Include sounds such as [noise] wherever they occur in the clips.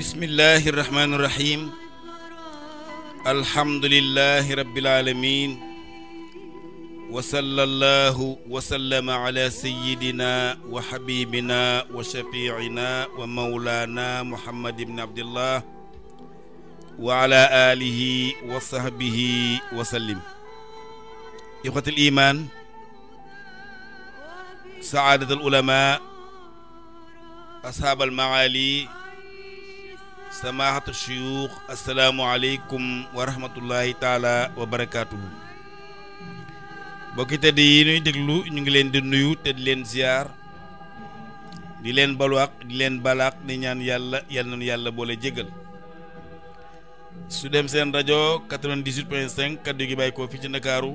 bismillahi irrahmani irrahim alhamdulilahi rabilalamin wasala allahu wasallama ala sayidina wa habibina wa shafiina wa maulana muhammad ibni abdillah wa ala alihi wa sahbihi wa sallim ixwatal iman saadat al ulama ashaab al maali samaahatu shuyuux asalaamualeykum wa rahmatullahi taala wa barakaatuhu bokki tëdd yi nuy déglu ñu ngi leen di nuyu te di leen ziyaar di leen balwaaq di leen balaaq di ñaan yàlla yal nañu yàlla boole jégal su dem seen rajo 98.5 kaddu gi bàyyi ko fii ci Ndakaaru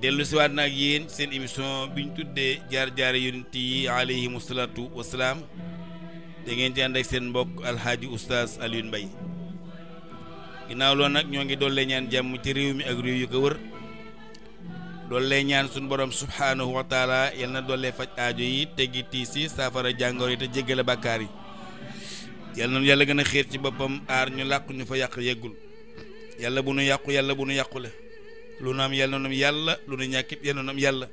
dellu siwaat nag ak yéen seen émission bi ñu tuddee jaar jaar yonent yi alayhimu salaatu wasalaam da ngeen ci ànd ak seen mbokk alxaaji oustaz Alioune Mbaye ginnaaw loolu nag ñoo ngi doole ñaan jàmm ci réew mi ak réew yu ko wër doole ñaan suñu borom subhaanahu wa taala yal na doole faj aajo yi teggi tiis yi saafara jàngoro yi te jéggale bàkkaar yi yal na yàlla gën a xiir ci boppam aar ñu làqu ñu fa yàq yeggul yàlla bu nu yàqu yàlla bu ñu yàqule lu nu am yàlla lu nu ñàkkit yàlla noonu yàlla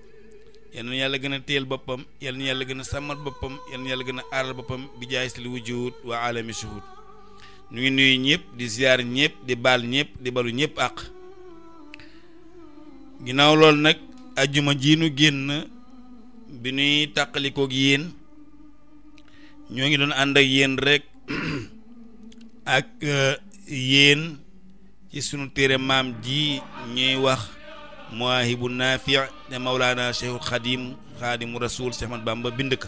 yal na yàlla gën a téyel boppam yal na yàlla gën a sàmmal boppam yal na yàlla gën a aaral boppam bi jaay si li wujud wa alami suhud ñu ngi nuyu ñëpp di ziar ñëpp di baal ñëpp di balu ñëpp àq ginnaaw lool nag ajjuma ji nu génn bi nuy tàqalikoog yéen ñoo ngi doon ànd ak yéen rek [clears throat] ak euh, yéen ci sunu téere maam ji ñuy wax muwaahibu naafi te mawlaana cheikhul xadim xaadimu rasul Cheikh Ahmad Bamba bind ko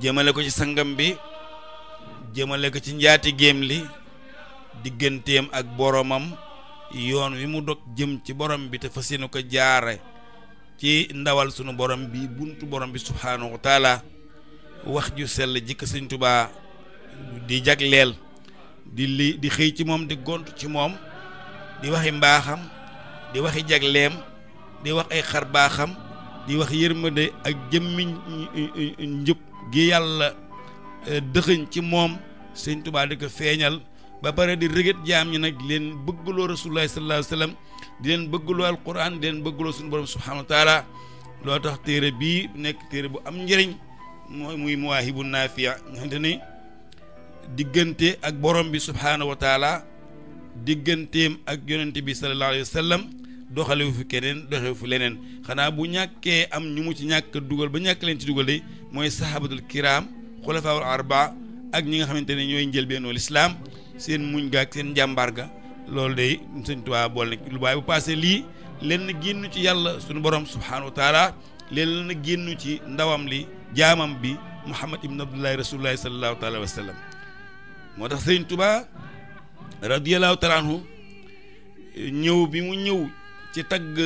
jëmale ko ci sangam bi jëmale ko ci njaati géem li digganteem ak boromam yoon wi mu dog jëm ci borom bi te fas yéene ko jaare ci ndawal sunu borom bi buntu borom bi subhaanahu taala wax ju sell jikk sëñ tubaa di jagleel di li di xëy ci moom di gont ci moom di waxi mbaaxam di waxi jagleem di wax ay xar baaxam di wax yërmande ak jëmmiñ eh, njub gi yàlla eh, dëxëñ ci moom sëñ Tuubaa di ko feeñal ba pare di rëgët jaam ñi nag leen bëgguloo rasulullahi sallallahu alayhi wa di leen bëggloo alquran di leen bëggloo suñu borom subhanahu wa taala loo tax téere bii nekk téere bu am njëriñ mooy muy muwaahibu naafiya nga xamante ni diggante ak borom bi subhanahu wa taala digganteem ak yonente bi sallallahu alayhi doxalewu fi keneen doxewu fi leneen xanaa bu ñàkkee am ñu mu ci ñàkk dugal ba ñàkk leen ci dugal de mooy sahabatul kiram xulafaawul arba ak ñi nga xamante ne ñooy njëlbeenoo lislaam seen muñ ga ak seen njàmbaar ga loolu de sëñ Tuubaa bool na lu waaye bu passé lii lenn génn ci yàlla suñu borom subhaanahu wa lenn génn ci ndawam li jaamam bi Muhammad ibn Abdullahi rasulullahi sallallahu taala wa sallam moo tax sëñ Tuubaa ñëw bi mu ñëw ci tagg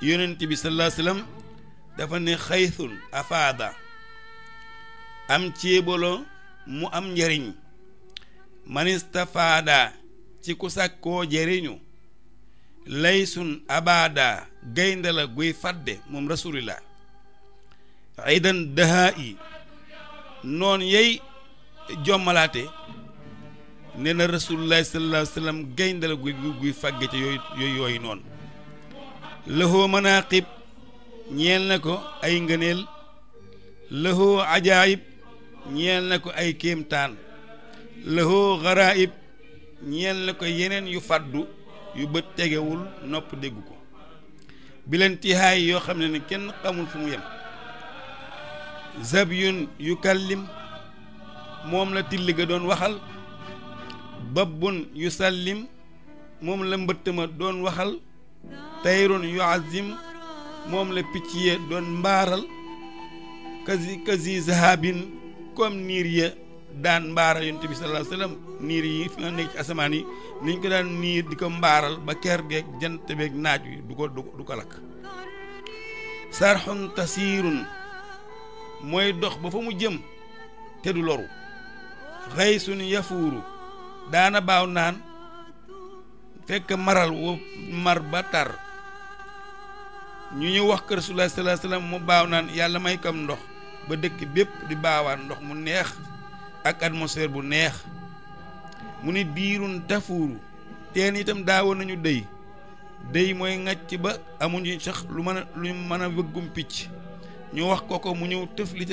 yonent bi sallallahu alayhi wasallam dafa ne xaytul afaada am céebolo mu am njariñ manistafaada ci ku sàkkoo jariñu laysun abaada gaynde la guy fàdde moom rasulillah aydan daha yi noon yey jommalaate nee na rasulullah sallallahu alayhi wasallam gaynde la guy guy fàgge ca yooyu yooyu noonu lahoo manaqib ñeel na ko ay ngëneel lahoo ajaayib ñeel na ko ay kéemtaan lahoo xaraayib ñeel na ko yeneen yu fàddu yu bët tegewul nopp déggu ko bilantihaay yoo xam ne ni kenn xamul fu mu yem zabyun yu kallim moom la tilli ga doon waxal babbun yu sallim moom la mbëtt ma doon waxal tayrun yu azim moom la picc ya doon mbaaral kasi kasi zahabin comme niir ya daan mbaaral yonent bi sallallahu alayhi wasallam niir yi fi nga nekk ci asamaan yi niñ daan niir di ko mbaaral ba ker geeg jant beeg naaj wi du ko du ko sarxun tasiirun mooy dox ba fa mu jëm te du loru xaysun yafuuru daana baaw naan fekk maral wu mar ba tar ñu ñëw wax kër Rasulullah sallallahu alayhi wasallam mu baaw naan yàlla may kam ndox ba dëkk bépp di baawaan ndox mu neex ak atmosphère bu neex mu ni biirun tafuuru teen itam daawoon nañu dëy dëy mooy ŋàcc ba amuñu sax lu mën lu mën a bëggum picc ñu wax ko ko mu ñëw tëf li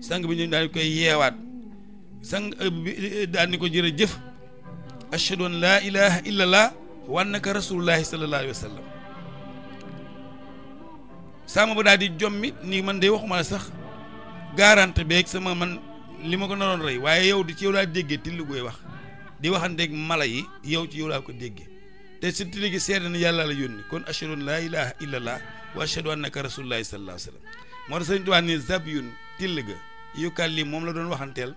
sang bi ñu daal di koy yeewaat sang euh, bi euh, di ko jërëjëf jëf an laa ilaha illa allah wa annaka rasulullahi sallallahu alayhi wa sama ba daal di jommi ni man de waxuma la sax gaarante beeg sama man li ma ko naroon rey waaye yow di ci yow laa déggee till gooy wax di waxanteeg mala yi yow ci yow laa ko déggee te si till gi seede yàlla la yónni kon ashhadu an laa ilaha illa allah wa ashhadu annaka rasulullahi sallallahu wa sallam moo tax sëñ Tuubaa ni zabyun till ga yukallim moom la doon waxanteel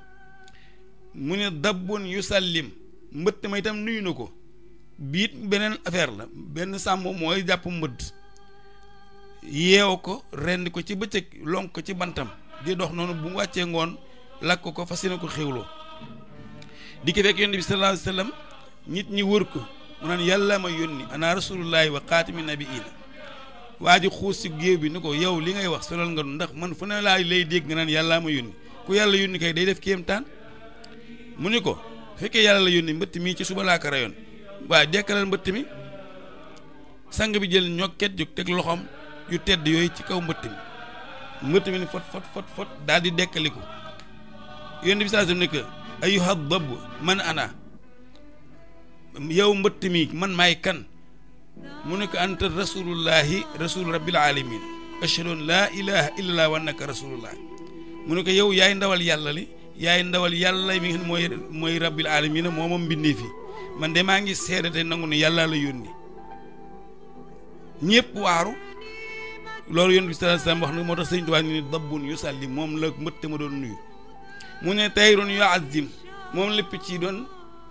mu ne yu yusallim mbëtt ma itam nuyu na ko biit beneen affaire la benn sàmm mooy jàpp mbëdd yeew ko rend ko ci bëccëg lonk ko ci bantam di dox noonu bu wàccee ngoon lakk ko fas yéene ko xéwloo di ko fekk yonent bi sallallahu alayhi nit ñi wër ko mu naan yàlla ma yónni ana rasulullahi wa xaatimi nabiina waa ji xuus ci géew bi ni ko yow li ngay wax solal nga nu ndax man fu ne laa lay dégg nga naan yàllaa ma yónni ku yàlla yónni kay day def kéemtaan mu ni ko fekkee yàlla la yónni mbëtt mi ci suba laa ko rayoon waaye dekkalal mbëtt mi sang bi jël ñokket ju teg loxoom yu tedd yooyu ci kaw mbëtt mi mbëtt mi ni fot fot fot fot daal di dekkaliku yónni bi saa su nekk ayyuha dabb man ana yow mbëtt mi man maay kan mu ne ko anta rasulullahi rasul rabbil alamin ashhadu laa ilaha illallah wa annaka rasulullah mu ne ko yow yaay ndawal yàlla li yaay ndawal yàlla mi nga mooy mooy rabbil alamin moo moom mbindee fi man de maa ngi seede te nangu ne yàlla la yónni waaru loolu yonent bi sallallahu alayhi wasallam moom la mbëtt ma doon nuyu mu ne tayron yu azim moom lépp ci doon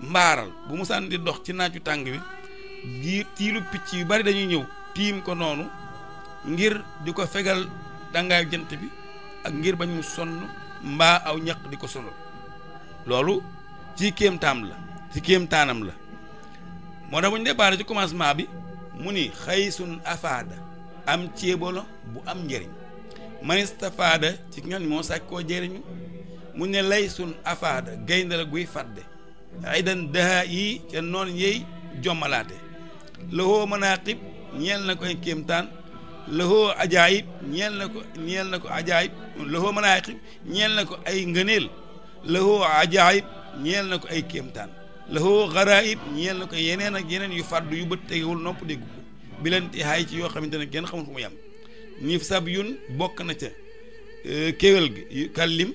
mbaaral bu mu sànni di dox ci naaju tàng bi giir tiilu picc yu bari dañuy ñëw tiim ko noonu ngir di ko fegal dangaayu jant bi ak ngir bañ mu sonn mbaa aw ñaq di ko sonal loolu ci kéemtaam la ci kéemtaanam la moo tax ñu déparé ci commencement bi mu ni xaysun afaada am ci la bu am njëriñ manistafaada ci ki nga xam ne moo sàkkoo mu ne laysun afaada gaynde la guy fàdde aydan daha yi ca noon yeey jommalaate lahoo manaqib ñeel na ko ay kéemtaan lahoo ajaayib ñeel na ko ñeel na ko ajaayib ko ay ngëneel lahoo ajaayib ñeel na ko ay kéemtaan lahoo xaraayib ñeel na ko yeneen ak yeneen yu fàddu yu bët tegewul nopp dégg ko bi leen haay ci yoo xamante ne kenn xamul fu mu yem ñif sab yun bokk na ca euh, kéwél gi kàllim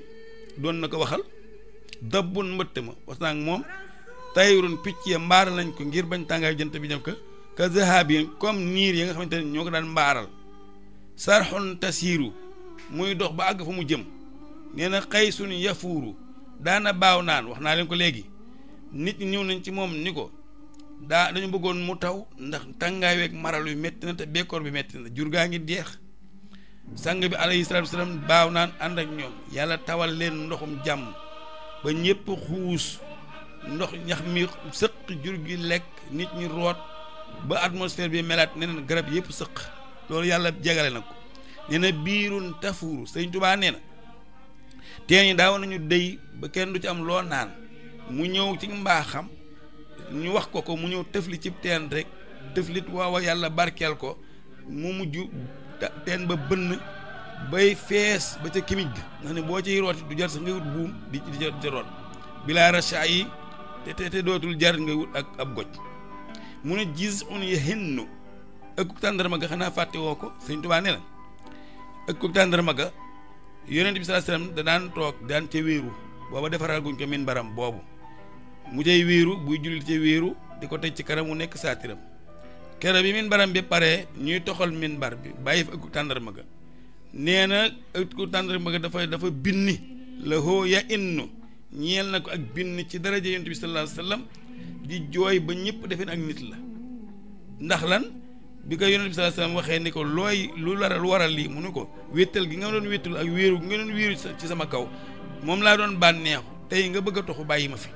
doon na ko waxal dabbun mbëtt ma wax naa ak moom tayrun picc ya mbaara lañ ko ngir bañ tàngaay jant bi dem ko ka zahabi comme niir yi nga xamante ne ñoo ko daan mbaaral sarxun tasiiru muy dox ba àgg fa mu jëm nee na xëy suñu yafuuru daana baaw naan wax naa leen ko léegi nit ñi ñëw nañ ci moom ni ko daa dañu bëggoon mu taw ndax tàngaay weeg maral yu métti na te bekkoor bi métti na jur gaa ngi deex sang bi alayhi salaatu baaw naan ànd ak ñoom yàlla tawal leen ndoxum jàmm ba ñëpp xuus ndox ñax mi sëq jur gi lekk nit ñi root ba atmosphère bi melaat nee na garab yëpp sëq loolu yàlla jegale na ko nee na biirun tafuuru sëñ tubaa nee na teen yi daaw nañu dey ba kenn du ci am loo naan mu ñëw ci mbaaxam ñu wax ko ko mu ñëw tëfli ci teen rek tëflit waawa yàlla barkeel ko mu mujj teen ba bënn bay fees ba ca kimij ga nga xam ne boo ciy rooti du jar sa nga wut buum di di ca root bilaa rachat yi te te dootul jar nga wut ak ab goj mu ne gis un yahinnu ëkkug tàndarma ga xanaa fàtte woo ko sëñ Tuubaa nee na ëkkug tàndarma ga yonent bi sallallahu alayhi da daan toog daan ca wéeru booba defaral guñ ko min baram boobu mu cay wéeru buy julli ca wéeru di ko teg ci karam mu nekk saatiram kere bi min baram bi pare ñuy toxal min bar bi bàyyi fa ëkkug tàndarma nee na ëkkug tàndarma ga dafa dafa binni la hoo ya innu ñeel na ko ak binn ci daraja yonent bi sallallahu alayhi wasallam di jooy ba ñëpp defeen ak nit la ndax lan bi ko yonent bi sallallahu alayhi waxee ni ko looy lu lara lu waral lii mu ne ko wéttal gi nga doon wéttul ak wéeru gi nga doon wéeru ci sama kaw moom laa doon bànneexu tey nga bëgg a toxu bàyyi ma fi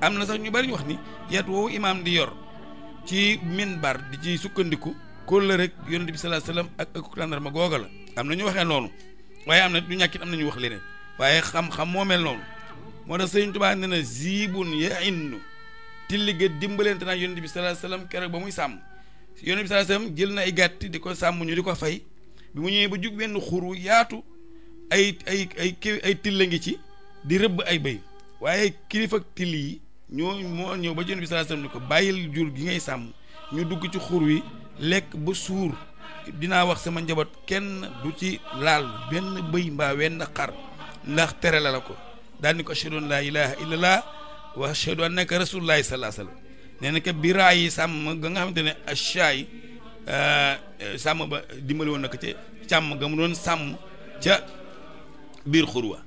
am na sax ñu bari ñu wax ni yat woowu imaam di yor ci minbar di ci sukkandiku la rek yonent bi sallallahu alayhi wasallam ak ak tàndarma googa la am na ñu waxee noonu waaye am na ñu ñàkkit am na ñu wax leneen waaye xam-xam moo mel noonu moo tax tilli ga dimbalante naa yonent bi sallallahu alayhi wasallam keroog ba muy sàmm yonent bi sallallahu jël na ay gàtt di ko sàmm ñu di ko fay bi mu ñëwee ba jug benn xuru yaatu ay ay ay till a ngi ci di rëbb ay béy waaye kilifa ak till yi ñoo moo ñëw ba yonent bi sallallahu alayhi ni ko bàyyil jur gi ngay sàmm ñu dugg ci xur wi lekk ba suur dinaa wax sama njaboot kenn du ci laal benn bëy mbaa wenn xar ndax tere la la ko daan ni ko ashhadu laa ilaaha illallah wa ashhadu annaka rasulullahi sallallahu alayhi wa sallam nee na que bi raa yi sàmm ga nga xamante ne achaay euh, sàmm ba dimbali woon na ko ca càmm ga mu doon sàmm ca biir xurwa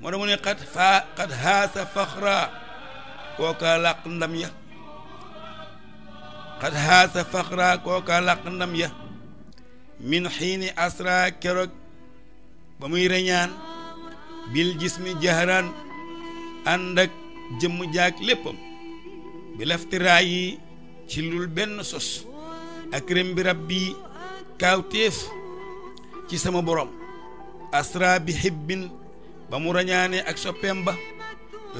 moo tax mu ne xat haasa faxra kooka làq ndam ya xat haasa faxra ndam ya min xiini asra keroog ba muy reñaan bil jismi jahran ànd ak jëmm jaag léppam bi laftiraa yi ci lul benn sos ak rem bi rabbi kaawteef ci sama borom asra bi hibbin ba mu rañaane ak soppeem ba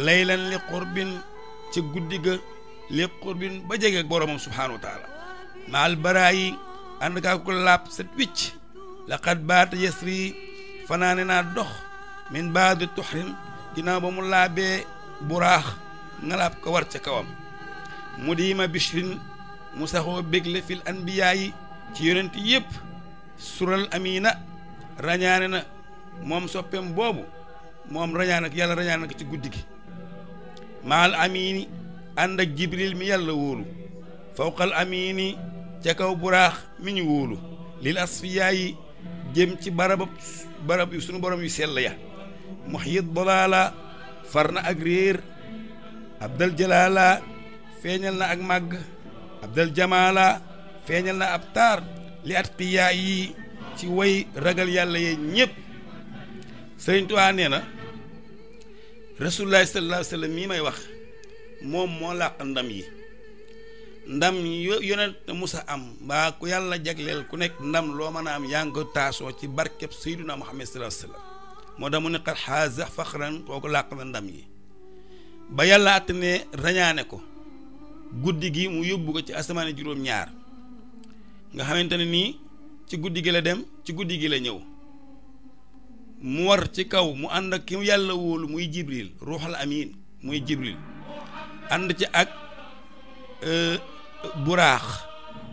laylan li qurbin ci guddi li qurbin ba jege ak boromam subhaanahu taala maal baraa yi ànd kaa ko laab set wicc laqad baata yasri fanaane naa dox min baadi tuxrin ginnaaw ba mu laabee buraax ngalaab ko war ca kawam mu diima bishrin mu saxoo bégle fi anbiyaa yi ci yonent yépp sural amina rañaane na moom soppeem boobu moom rañaane ak yàlla rañaane ci guddi gi maal amini ànd ak jibril mi yàlla wóolu fawqal amini ca kaw buraax mi ñu wóolu lil asfiyaa yi ci barabab barab yu sunu borom yu sell ya muhyit dalaala far na ak réer abdal jalaala feeñal na ak màgg abdal jamaala feeñal na ab taar li atqiyaa yi ci way ragal yàlla yee ñépp sëriñ nee na rasulullaahi sallallaahu alayhi wa mii may wax moom moo làq ndam yi ndam yonent musa am mbaa ku yàlla jagleel ku nekk ndam loo mën a am yaa taasoo ci barkeb seyduna muhammad sallallaahu alayhi wa moo tax mu ne xat xaasa faxran kooku làq na ndam yi ba yàlla àtt ne rañaane ko guddi gi mu yóbbu ko ci asamaane juróom-ñaar nga xamante ne nii ci guddi gi la dem ci guddi gi la ñëw mu war ci kaw mu ànd ak ki yàlla wóolu muy jibril ruuxal amiin muy jibril ànd ci ak e, buraax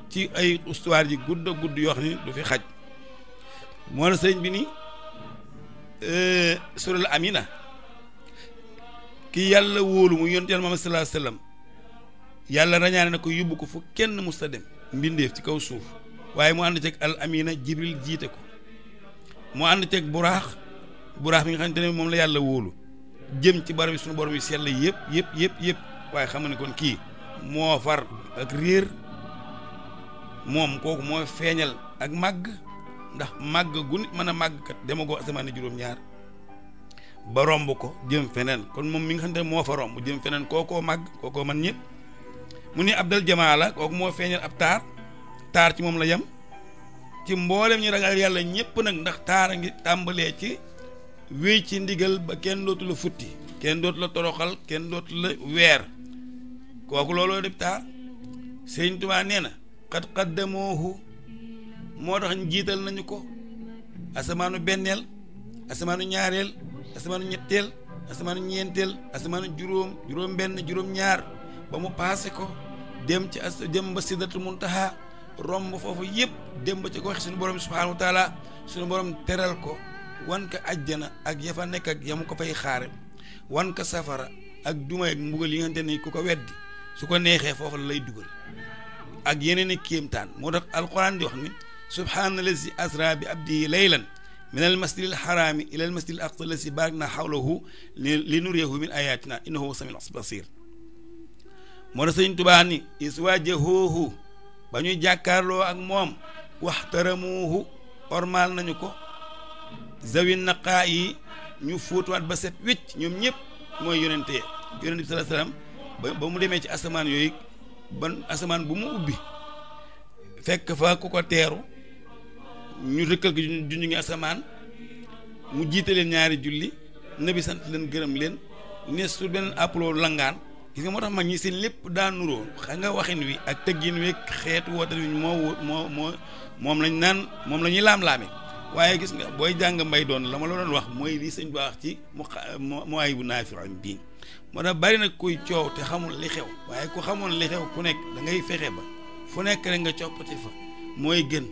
ci ay histoire yi gudd a gudd yoo ni du fi xaj moo la sëñ bi nii Euh, sural amina ki yàlla wóolu mu yonent yàlla Muhammad sallallahu alayhi wasallam yàlla rañaane na ko yóbbu ko fu kenn musta dem mbindeef ci kaw suuf waaye mu ànd ceeg al amina jibril jiite ko mu ànd ceeg buraax buraax mi nga xamante ne moom la yàlla wóolu jëm ci barab yi suñu borom yi sell yëpp yëpp yëpp yëpp waaye xam ne kon kii moo far ak réer moom kooku moo feeñal ak màgg ndax màgg gu nit mën a màgg kat demagoo asamaane juróom-ñaar ba romb ko jëm feneen kon moom mi nga xam ne moo fa romb jëm feneen kookoo màgg kookoo man ñëpp mu ni abdal jamaa la kooku moo feeñal ab taar taar ci moom la yem ci mboolem ñi ragal yàlla ñëpp nag ndax taar a ngi tàmbalee ci wéy ci ndigal ba kenn dootu la futti kenn dootu la toroxal kenn dootu la weer kooku looloo def taar sëñ Tuubaa nee na xat xaddamoohu moo tax ñu jiital nañu ko asamaanu benneel asamaanu ñaareel asamaanu ñetteel asamaanu ñeenteel asamaanu juróom juróom benn juróom ñaar ba mu paase ko dem ci as dem ba mu muntaha romb foofu yëpp dem ba ci ko wax suñu borom subhaanahu wa taala suñu borom teral ko wan ko ajjana ak ya fa nekk ak ya mu ko fay xaare wanka safara ak dumay ak mbugal yi nga xamante ku ko weddi su ko neexee foofu la lay dugal ak yeneen i kéemtaan moo tax alxuraan di wax subhaana lazi bi abdihi laylan min al masjid al xaraami ila al masjid al aqsa lazi barak na xawlahu li nuriyahu min ayatina innahu samiun basir moo da sëñ tubaa ni iswajahoohu ba ñuy jàkkaarloo ak moom waxtaramuuhu ormaal nañu ko zawi naqaa yi ñu fóotuwaat ba set wicc ñoom ñëpp mooy yonente ye yonente bi salaam ba mu demee ci asamaan yooyu ban asamaan bu mu ubbi fekk fa ku ko teeru ñu rëkkal ko junj ngi asamaan mu jiite leen ñaari julli nabi sant leen gërëm leen ne su beneen appaloo langaan gis nga moo tax mag ñi seen lépp daa nuroo xam nga waxin wi ak tëggin wi ak xeetu woote wi moo moo moo moom lañ naan moom la ñuy laam waaye gis nga booy jàng mbay doon la ma la doon wax mooy lii sëñ baax ci mu mu ay bu naafiram bii moo tax bari nag kuy coow te xamul li xew waaye ku xamoon li xew ku nekk da ngay fexe ba fu nekk rek nga coppati fa mooy gën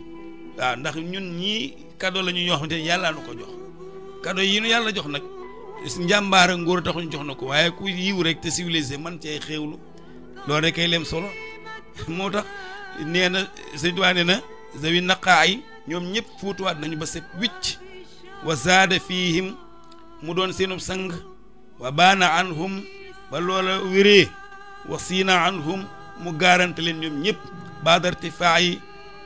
waaw ndax ñun ñii cadeau la ñu ñoo xamante ne yàlla nu ko jox cadeau yi nu yàlla jox nag njàmbaara ngóor taxuñ jox na ko waaye ku yiw rek te civilisé man ci ay xéewlu loolu rek kay lem solo [laughs] moo tax nee na sëñ Tuubaa na zawi naqaay ñoom ñëpp fuutuwaat nañu ba set wicc wa zaada fiihim mu doon seenub sang wa baana anhum ba loola wéree wa siina anhum mu gaarante leen ñoom ñëpp baadar tifaa yi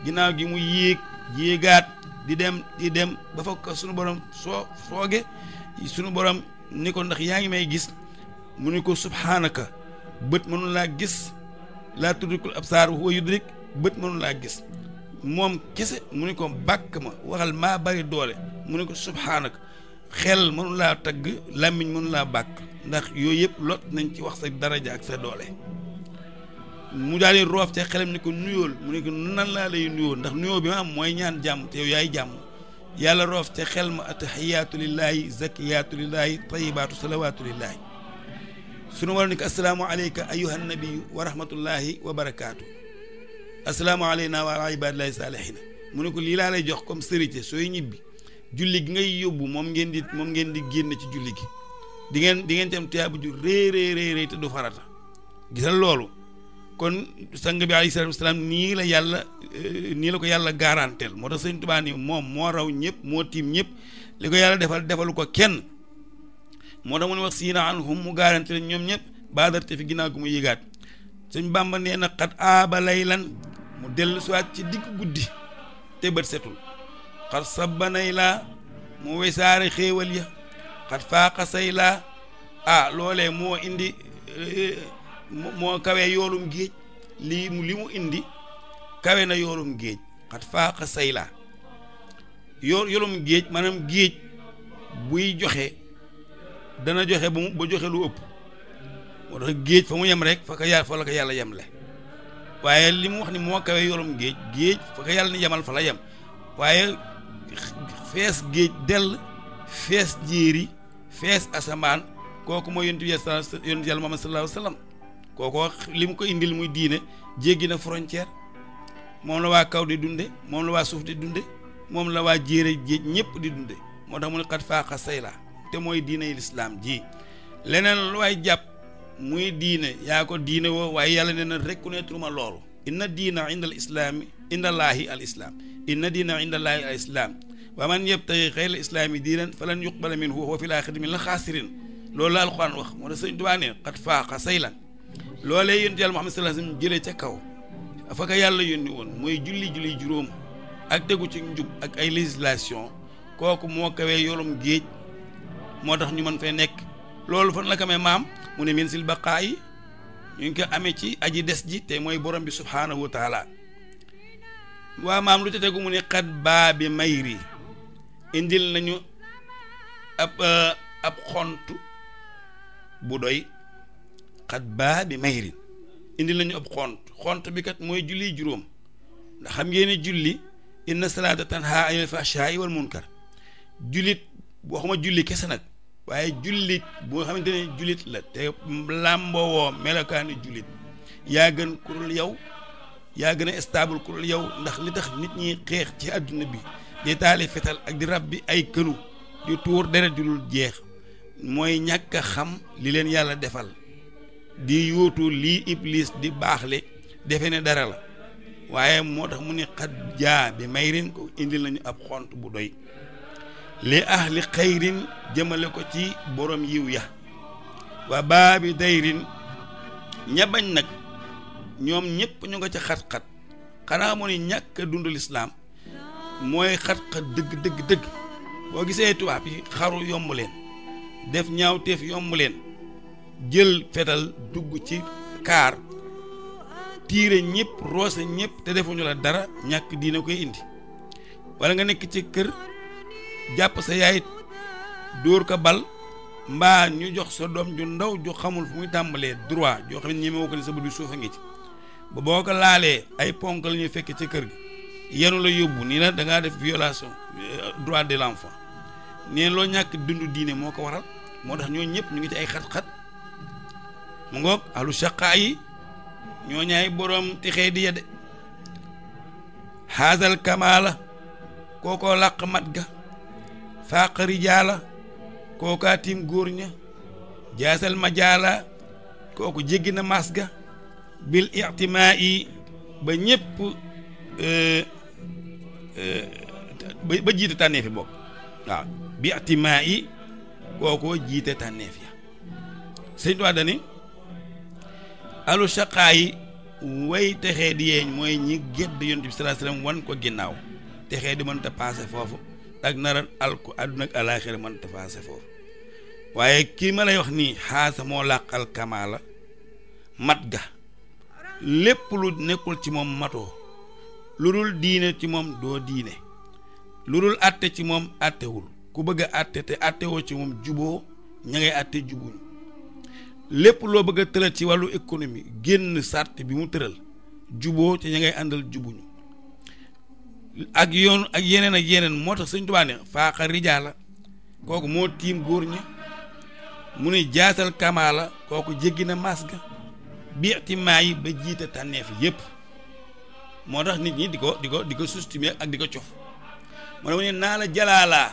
ginnaaw gi mu yéeg jéegaat di dem di dem ba fokk sunu borom soo sooge sunu borom ni ko ndax yaa ngi may gis mu ni ko subhaanaka bët mënu laa gis laa tudrikul absaar wa huwa yudrik bët mënu laa gis moom kese mu ni ko bàkk ma waxal maa bari doole mu ni ko subhaanaka xel mënu laa tagg làmmiñ mënu laa bàkk ndax yooyu yëpp lot nañ ci wax sa daraja ak sa doole mu daal di roof te xelam ni ko nuyool mu ne ko nan laa lay nuyoo ndax nuyoo bi ma am mooy ñaan jàmm te yow yaay jàmm yàlla roof ca xel ma ataxiyaatu lillaahi zakiyaatu lillaahi tayibaatu salawaatu lillaahi sunu war ni ko asalaamu aleyka wa rahmatullahi wa mu ne ko lii laa lay jox comme sérité sooy ñibbi julli gi ngay yóbbu moom ngeen di moom ngeen di génn ci julli gi di ngeen di ngeen tam tiyaabu ju réy te du farata gisal loolu kon sang bi alayhi salaatu wasalaam nii la yàlla euh, nii la ko yàlla garanteel moo tax sëñ Tuubaa ni moom moo raw ñëpp moo tiim ñëpp li ko yàlla defal defalu ko kenn moo tax mu ne wax siina anhum mu garanteel ñoom ñëpp baadarte fi ginnaaw gu mu yëgaat sëñ Bàmba nee na xat aaba laylan mu dellu siwaat ci digg guddi te bët setul xat sabbanay laa mu wesaare xéewal ya xat faaqa say laa ah loolee moo indi euh, moo kawee yoolum géej lii li mu indi kawe na yoolum géej xat faaqa say yoo yoolum géej maanaam géej buy joxe dana joxe ba mu ba joxe lu ëpp moo tax géej fa mu yem rek fa ko yàlla fa li mu wax ni moo kawe géej géej fa yàlla yemal fa la yem waaye fees géej dell fees jéeri fees asamaan kooku mooy yonent bi yonent yàlla Muhammad kooko li mu ko indi indil muy diine jéggi na frontière moom la waa kaw di dunde moom la waa suuf di dunde moom la waa jéere jéej ñëpp di dunde moo tax mu ne xat faaxa say la te mooy diine yi lislaam ji leneen lu waay jàpp muy diine yaa ko diine woo waaye yàlla nee na reconnaître ma loolu inna diina inda al islaami inda allaahi al islaam inna diina inda allaahi al islaam wa man yabtagi xayra islaami diinan falan yuqbala minhu wa huwa fi l axiri min al xaasirin la loolee yonent yàlla Muhammad sallallahu alayhi wasallam jëlee ca kaw fa ko yàlla yónni woon mooy julli julli juróom ak tegu ci njub ak ay législation kooku moo kawee yorum géej moo tax ñu mën fay nekk loolu fan la ko maam mu ne min sil baqaa yi ñu ngi ko amee ci aji des ji te mooy borom bi subhaanahu wa taala waa maam lu ca tegu mu ne xat baa bi mayri indil nañu ab euh, ab xont bu doy xat baa bi mayrin indi lañu ab xont xont bi kat mooy julli juróom ndax xam ngeen ne julli inna salaata tanhaa anil fahshaa'i wal munkar jullit waxuma julli kese nag waaye jullit boo xamante ne jullit la te làmbowoo melokaani jullit yaa gën kurul yow yaa gën a stable kurul yow ndax li tax nit ñi xeex ci àdduna bi di taali fetal ak di rab bi ay kënu di tuur deret ju dul jeex mooy ñàkk a xam li leen yàlla defal di yuutu lii iblis di baaxle defe ne dara la waaye moo tax mu ni xat jaa bi mayrin ko indi nañu ab xont bu doy li ahli xayrin jëmale ko ci borom yiw ya waa baabi dayrin ña bañ nag ñoom ñëpp ñu nga ca xat-xat xanaa mu ni ñàkk dund lislaam mooy xat-xat dëgg dëgg dëgg boo gisee tubaab yi xaru yomb leen def ñaawteef yomb leen jël fetal dugg ci kaar tiire ñëpp roose ñëpp te defuñu la dara ñàkk diina koy indi wala nga nekk ci kër jàpp sa yaayit dóor ko bal mbaa ñu jox sa doom ju ndaw ju xamul fu muy tàmbalee droit joo xam ne ñemewu ko ne sa bët bi suuf ngi ci ba boo ko laalee ay ponk la ñuy fekk ci kër gi yenu la yóbbu nii la da ngaa def violation euh, droit de l'enfant nee loo ñàkk dundu diine moo ko waral moo tax ñooñu ñëpp ñu ngi ci ay xat-xat mu ngoog alu shaqaa ñoo ñaay boroom te di ya de haasal kamaala kookoo làq mat ga faaq rijaala kookaa tiim góor ña jaasal majaala kooku jéggi na mas ga bil ictimaa yi ba ñépp euh, euh, ba jiite tànneef yi bokk waaw bi ictimaa yi kookoo jiite tànneef ya sëñ Tuubaa dani alu saqaa yi way texee di yeeñ mooy ñi gedd yonent bi sallallahu alayhi wan ko ginnaaw texee di mënta paase foofu ak naral alku àdduna ak alaaxira mënta paase foofu waaye kii ma lay wax nii xaasa moo làqal kamaala mat ga lépp lu nekkul ci moom matoo lu dul diine ci moom doo diine lu dul àtte ci moom àttewul ku bëgg a àtte te àttewoo ci moom juboo ña ngay àtte jubuñu lépp loo bëgg a tëral ci wàllu économie génn sart bi mu tëral juboo te ña ngay àndal jubuñu ak yoon ak yeneen ak yeneen moo tax sëñ Tuubaa ne faaqa rijaala kooku moo tiim góor ñi mu ne jaasal kamaala kooku jéggi na mas ga biixtimaa ba jiite tànneef yépp moo tax nit ñi di ko di ko di ko sustimer ak di ko cof moo tax mu ne naa la jalaalaa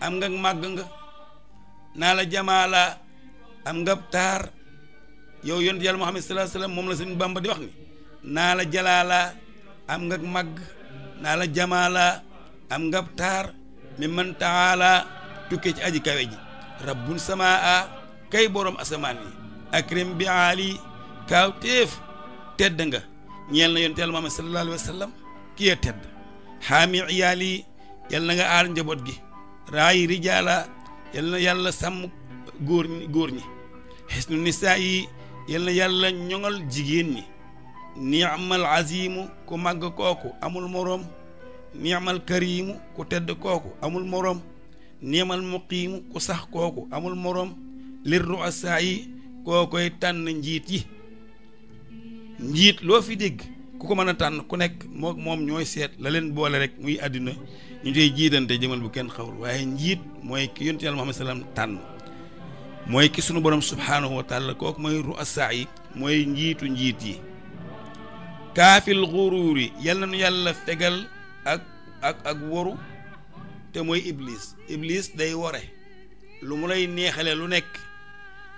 am nga màgg nga naa la jamaalaa am nga taar yow yonent yàlla Muhammad sallallahu alayhi moom la Sëriñ Bamba di wax ni naa la jalaala am nga màgg naa la jamaala am nga taar mi man taala tukkee ci aji kawe rabbun samaa kay boroom asamaan yi akrim bi aali kaaw téef tedd nga ñeel na yonent yàlla Muhammad sallallahu alayhi wasallam ki tedd xaami iyaal yi yàlla na nga aar njaboot gi raayi rijaala yàlla na yàlla sàmm góor góor ñi xis xisnu nisaa yi yal na yàlla ñoŋal jigéen ñi niamal azimu ku màgg kooku amul moroom niamal karimu ku tedd kooku amul moroom niamal muqiimu ku sax kooku amul moroom lir ruasaa yi koo koy tànn njiit yi njiit loo fi dégg ku ko mën a tànn ku nekk moo moom ñooy seet la leen boole rek muy àddina ñu tey jiitante jëmal bu kenn xawul waaye njiit mooy ki yonent Yàlla Muhammad tànn mooy ki sunu borom subhaanahu wa taala kooku mooy ruasaa yi mooy njiitu njiit yi kaafil xuruuri yal na nu yàlla fegal ak ak ak te mooy iblis iblis day wore lu mu lay neexale lu nekk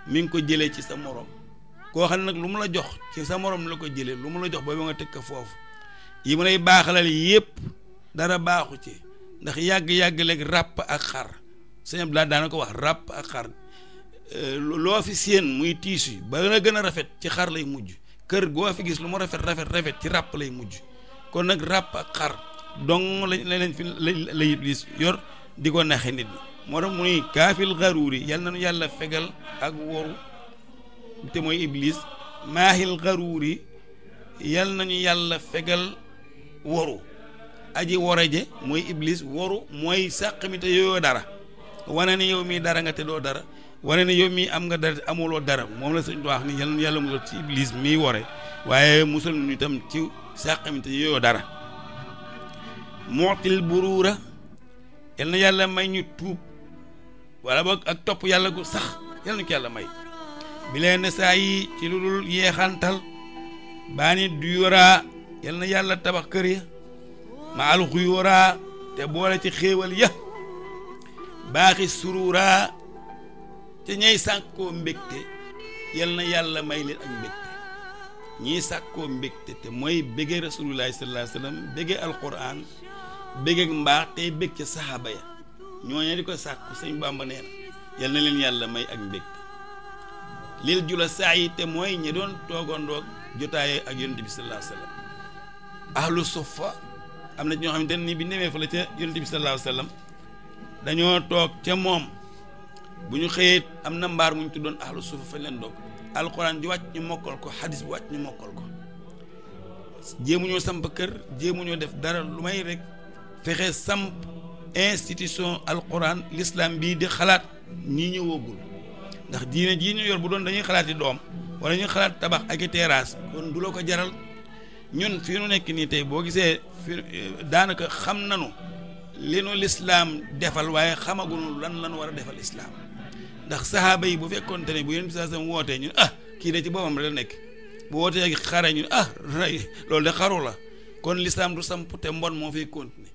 mu ngi ko jëlee ci sa moroom koo xam ne nag lu mu la jox ci sa moroom la ko jëlee lu mu la jox ba ba nga tëkk foofu yi mu lay baaxalal yépp dara baaxu ci ndax yàgg-yàgg léeg ràpp ak xar sëñ Abdoulaye daana ko wax ràpp ak xar loo fi seen muy yi ba la gën a rafet ci xar lay mujj kër goo fi gis lu mu rafet rafet rafet ci ràpp lay mujj kon nag ràpp ak xar dong lañ leen fi la iblis yor di ko naxe nit ñi moo tax mu ni kaafil xaruuri yal na nu yàlla fegal ak woru mooy iblis maahil xaruuri yal nañu yàlla fegal woru aji woraje mooy iblis woru mooy sàq mi te yooyoo dara wane ne yow mii dara nga te doo dara wane na yow mii am nga dara amuloo dara moom la sëñ bi wax ni yal yàlla musal ci iblis mii wore waaye musal nu itam ci sàqamite yow dara moo mootil buruura yal na yàlla may ñu tuub walla boog ak topp yàlla gu sax yal na ko yàlla may bi saa yi ci lu dul yeexantal baa ni duyóoraa yal na yàlla tabax kër ya ma al xuyóoraa te boole ci xéewal ya baaxi suruuraa te ñay sàkkoo mbégte yal na yàlla may leen ak mbégte ñiy sàkkoo mbégte te mooy béggee rasulullahi sallallahu alayhi wasallam béggee mbaax tey bég ca saxaaba ya ñooñu di ko sàkku sëñ Bàmba nee yal na leen yàlla may ak mbég lil jula saa yi te mooy ñi doon toogandoog jotaayee ak yonent bi sallallahu alayhi am na ñoo xam ne ni bi demee fa la ca yonent bi sallallahu dañoo toog ca moom bu ñu xëyee am na mbaar mu ñu tuddoon ahlu suufa fañ doog alxuraan ji wàcc ñu mokkal ko xadis bu wàcc ñu mokkal ko jéemuñoo samp kër ñoo def dara lu may rek fexe samp institution alxuraan lislaam bii di xalaat ñi ñëwagul ndax diine jii ñu yor bu doon dañuy xalaati doom wala ñuy xalaat tabax ak i terrasse kon du la ko jaral ñun fi nu nekk nii tey boo gisee fi eh, daanaka xam nanu li nu lislaam defal waaye xamaguñu lan lan war a defal islaam ndax saxaaba yi bu fekkoonte ne bu yonent bi saa sam wootee ñun ah kii de ci boppam la nekk bu wootee ak xare ñun ah rey loolu de xaru la kon lislaam du samp te mbon moo fay continuer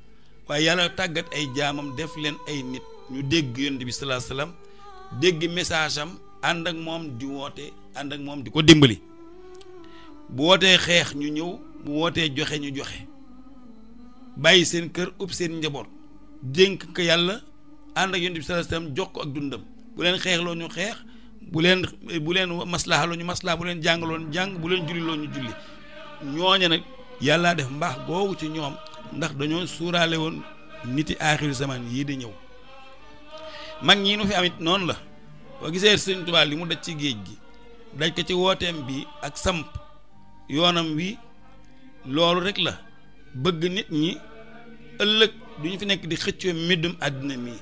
waaye yàlla tàggat ay jaamam def leen ay nit ñu dégg yonent bi salaa salaam dégg message am ànd ak moom di woote ànd ak moom di ko dimbali bu wootee xeex ñu ñëw bu wootee joxe ñu joxe bàyyi seen kër ub seen njaboot dénk ko yàlla ànd ak yonent bi salaa salaam jox ko ak dundam bu leen xeex loo ñu xeex bu leen bu leen maslaha loo ñu maslaha bu leen jàng loo ñu jàng bu leen julli loo ñu nag yàllaa def mbaax googu ci ñoom ndax dañoo suuraale woon niti aaxiru zaman yii di ñëw mag ñi nu fi amit noonu la boo gisee Sëñ Tuubaa li mu daj ci géej gi daj ko ci wooteem bi ak samp yoonam wi loolu rek la bëgg nit ñi ëllëg du ñu fi nekk di xëccoo mbiddum àddina mii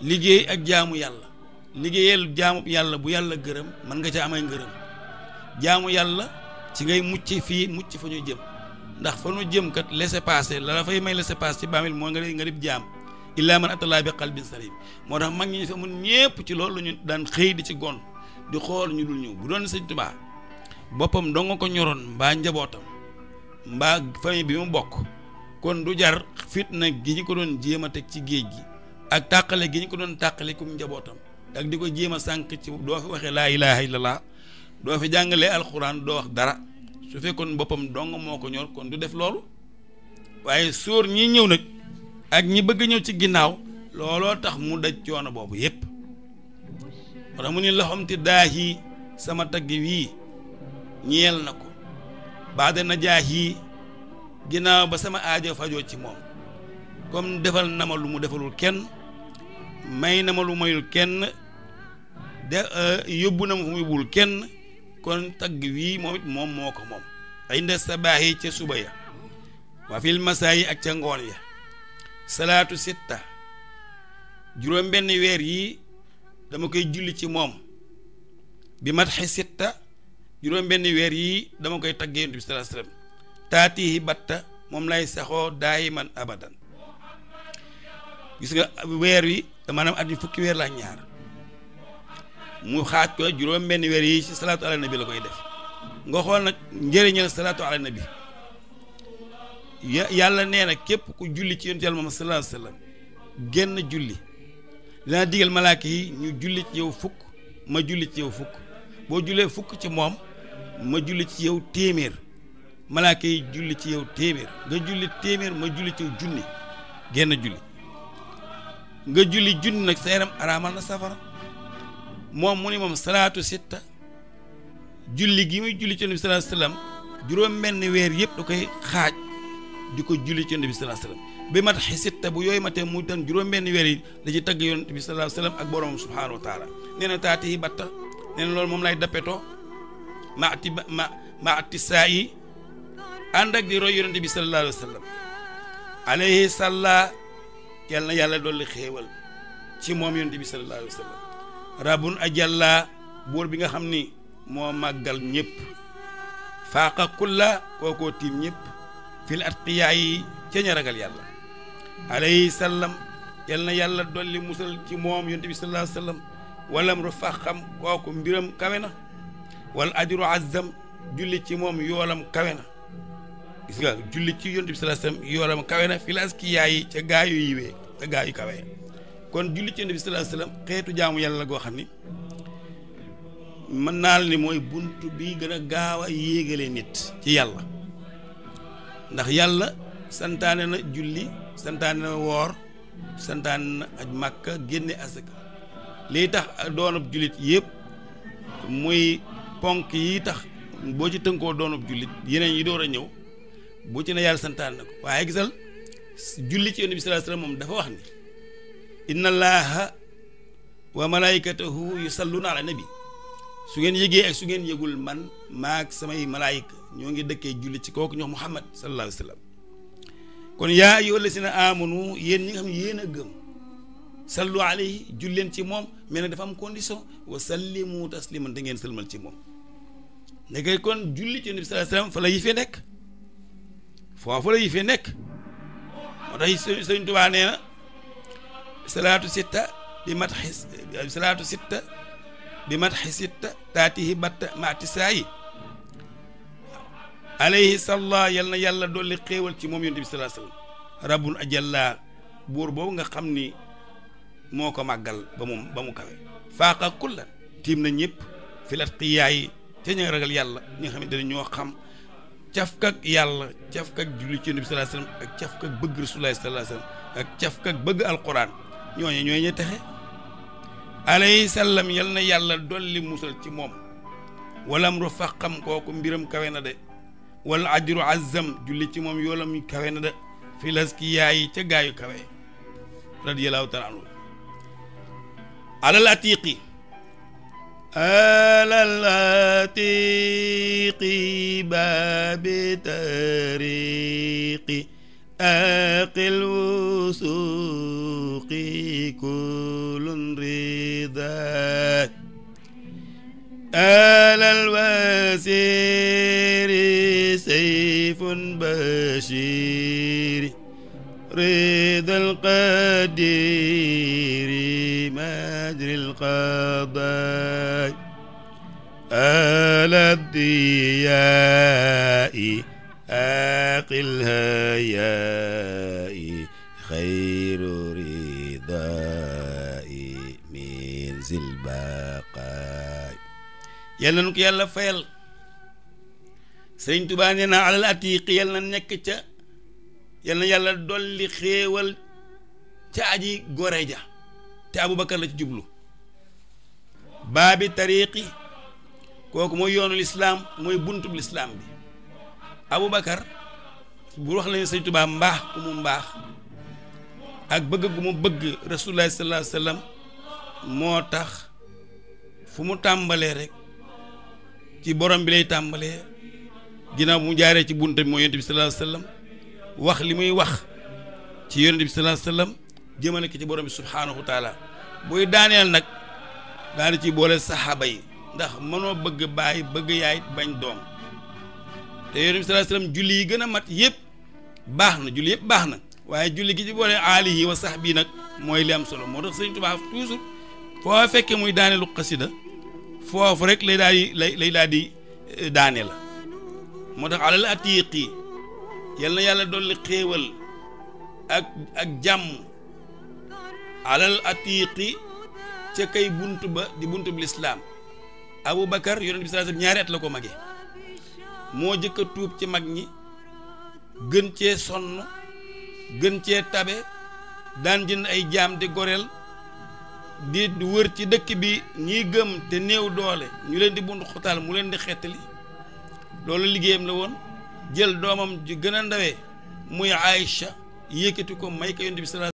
liggéey ak jaamu yàlla liggéeyal jaamu yàlla bu yàlla gërëm mën nga ca amay ngërëm jaamu yàlla ci ngay mucc fii mucc fa ñu jëm ndax fa ñu jëm kat laisser passer la fay may laisser passer ci bàmmeel moo nga nga dib jaam illaa man atalaa bi qalbin salim moo tax mag ñi ñu fi mun ñépp ci loolu ñu daan xëy di ci gon di xool ñu dul ñëw bu doon sëñ Tuubaa boppam doo nga ko ñoroon mbaa njabootam mbaa famille bi mu bokk kon du jar fitna gi ñu ko doon jéem a teg ci géej gi ak tàqale gi ñu ko doon tàqale kum njabootam ak di ko jéem a sànq ci doo fi waxee laa ilaha illallah doo fi jàngalee alxuraan doo wax dara su fekkoon boppam dong moo ko ñor kon du def loolu waaye sóor ñi ñëw nag ak ñi bëgg ñëw ci ginnaaw looloo tax mu daj coono boobu yépp moo tax mu ni loxamti daah yi sama tagg wii ñeel na ko baada na jaah yi ginnaaw ba sama aajo fajoo ci moom comme defal na ma lu mu defalul kenn may na ma lu mayul kenn de euh, yóbbu na ma fu mu yóbbuwul kenn kon tagg wii moom it moom moo ko moom inda sabaahi ca suba ya waa fil masaayi ak ca ngoon ya salaatu sitta juróom benn weer yi dama koy julli ci moom bi mat xi sitta weer yi dama koy taggee yonent taatihi batta moom lay saxoo daayiman abadan gis nga weer wi maanaam at mi fukki weer la ak ñaar mu xaaj ko juróom benn weer yi ci salaatu ala nabi la koy def nga xool nag njëriñal salaatu ala nabi yàlla nee na képp ku julli ci yonent yàlla moom sallallahu alayhi génn julli dana digal malaaka yi ñu julli ci yow fukk ma julli ci yow fukk boo jullee fukk ci moom ma julli ci yow téeméer malaaka yi julli ci yow téeméer nga julli téeméer ma julli ci yow junni génn julli nga julli junni nag sa yaram araamal na safara moom mu ni moom salaatu sitta julli gi muy julli ci nabi sallallahu alayhi wasallam juróom benn weer yëpp da koy xaaj di ko julli ci nabi sallallahu alayhi wasallam bi mat sitta bu yooyu matee mu tan juróom benn weer yi da ci tagg yonent bi sallallahu ak borom subhaanahu wa taala nee na taati yi batta nee na loolu moom lay dappetoo ma atti ma ma atti saa yi ànd ak di roy yonent bi sallallahu alayhi yal na yàlla dolli xéewal ci moom yonent bi sallallahu alayhi wa sallam buur bi nga xam ni moo màggal ñëpp faaqa kulla kookoo tiim ñëpp fil atqiyaa yi ca ña ragal yàlla alayhi sallam na yàlla dolli musal ci moom yonent bi sallallahu alayhi wa sallam walam kooku mbiram kawe wal ajru azzam julli ci moom yoolam kawe gis nga julli ci yonent bi sallallahu alayhi wasallam yoram kawe na filaas ki ca gaa yu yiwee ca gaa yu kawe kon julli ci yonent bi sallallahu xeetu jaamu yàlla la goo xam ni mën naa ni mooy bunt bi gën a gaaw a yéegalee nit ci yàlla ndax yàlla santaane na julli santaane na woor santaane na aj màkka génne asaka lii tax doonub jullit yëpp muy ponk yi tax boo ci tënkoo doonub jullit yeneen yi door a ñëw bu ci ne yàlla santaan na ko waaye gisal julli ci yonent bi sallallahu alayhi moom dafa wax ni inna allaha wa malaikatahu yusalluna ala nabi su ngeen yëgee ak su ngeen yëgul man maak samay malaayika ñoo ngi dëkkee julli ci kooku ñox muhammad sallallahu alayhi wasallam kon yaa ayyuhal lazina amanu yéen ñi nga xam ne yéen gëm sallu alayhi julleen ci moom mais nag dafa am condition wa sallimu tasliman da ngeen sëlmal ci moom ne kon julli ci yonent bi sallallahu alayhi wasallam yi fee nekk foofu la yi fi nekk moo tax sëñ Tuubaa nee na bi salaatu sitta bi mat xisitta taatihi batta maati saa yi alayhi yal na yàlla dolli xéewal ci moom yonent bi salaa sallam rabbun ajalla buur boobu nga xam ni moo ko màggal ba mu ba mu kawe tiim na ñëpp la qiyaay te ña ragal yàlla ñi nga xam ne dana ñoo xam cafkak yàlla cafkak julli ci nabi sallallahu alayhi wasallam ak cafkak bëgg rasulullahi sallallahu alayhi wasallam ak cafkak bëgg alquran ñooñu ñooy ñu texe alayhi sallam yal na yàlla dolli musal ci moom walla am ru faqam kooku mbiram kawe na de wala ajru azam julli ci moom yoolam kawe na de filaskiyaa yi ca gaayu kawe radiyallahu taala anhu على العتيق باب تريق أقل وسوق كل رضا على الوزير سيف بشير رضا القدير مجري القضاء آل الدياء أقلها يائي خير ردائي من ذي البقاء yàlla na ko yàlla fayal Sëriñ Tuubaa nee na alal atiq yàlla na nekk ca yàlla na yàlla dolli xéewal ca aji gore ja Abubakar la ci jublu baabi tariqi kooku mooy yoonu lislaam mooy buntub lislaam bi Aboubacar bu wax lañu sëñ Tuubaa mbaax ku mu mbaax ak bëgg gu mu bëgg rasulullah sallallahu alayhi moo tax fu mu tàmbalee rek ci borom bi lay tàmbalee ginnaaw mu jaaree ci bunt bi mooy yonent bi sallallahu alayhi wax li muy wax ci yonent bi sallallahu alayhi wasallam jëmale ko ci borom bi subhaanahu wa taala buy daaneel nag daana ci boole saxaaba yi ndax mënoo bëgg baay bëgg yaay bañ doom te yonent bi julli yi gën a mat yëpp baax na julli yëpp baax na waaye julli gi ci boole aalihi wa sax bii nag mooy li am solo moo tax Sëriñ Tuubaa toujours fekkee muy daaneelu xasida foofu rek lay daal di lay daal di eh, daane la moo tax alal atiiqi yàlla na yàlla dolli xéewal ak ak jàmm alal atiiqi ca kay bunt ba di buntub lislaam Aboubacar yonent bi sallallahu alayhi wasallam at la ko magee moo jëkk tuub ci mag ñi gën cee sonn gën cee tabe daan jënd ay jaam di goreel di wër ci dëkk bi ñiy gëm te néew doole ñu leen di bund xutaal mu leen di xettali loolu liggéeyam la woon jël doomam ju gën a ndawee muy Aïcha yëkkati ko may ko yonent bi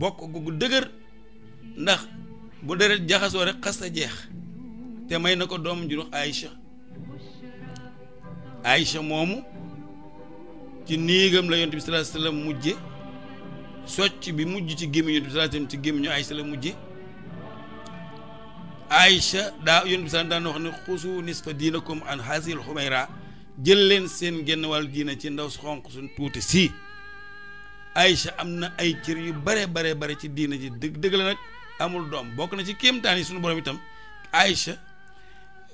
bokk gu dëgër ndax bu deret jaxasoo rek xas a jeex te may na ko doom ju wax Aïcha Aïcha moomu ci néegam la yonent bi sallallahu mujje socc bi mujj ci gémmiñu yonent bi sallallahu ci gémmiñu Aïcha la mujje Aïcha daa yonent bi sallallahu alayhi wasallam daan wax ne xusu nisfa diinakum an hasil xumayra jël leen seen genn wàll diina ci ndaw su xonq suñ tuuti sii Aïcha am na ay cër yu bare bare bare ci diina ji dëgg dëgg nag amul doom bokk na ci kéemtaan yi suñu borom itam Aïcha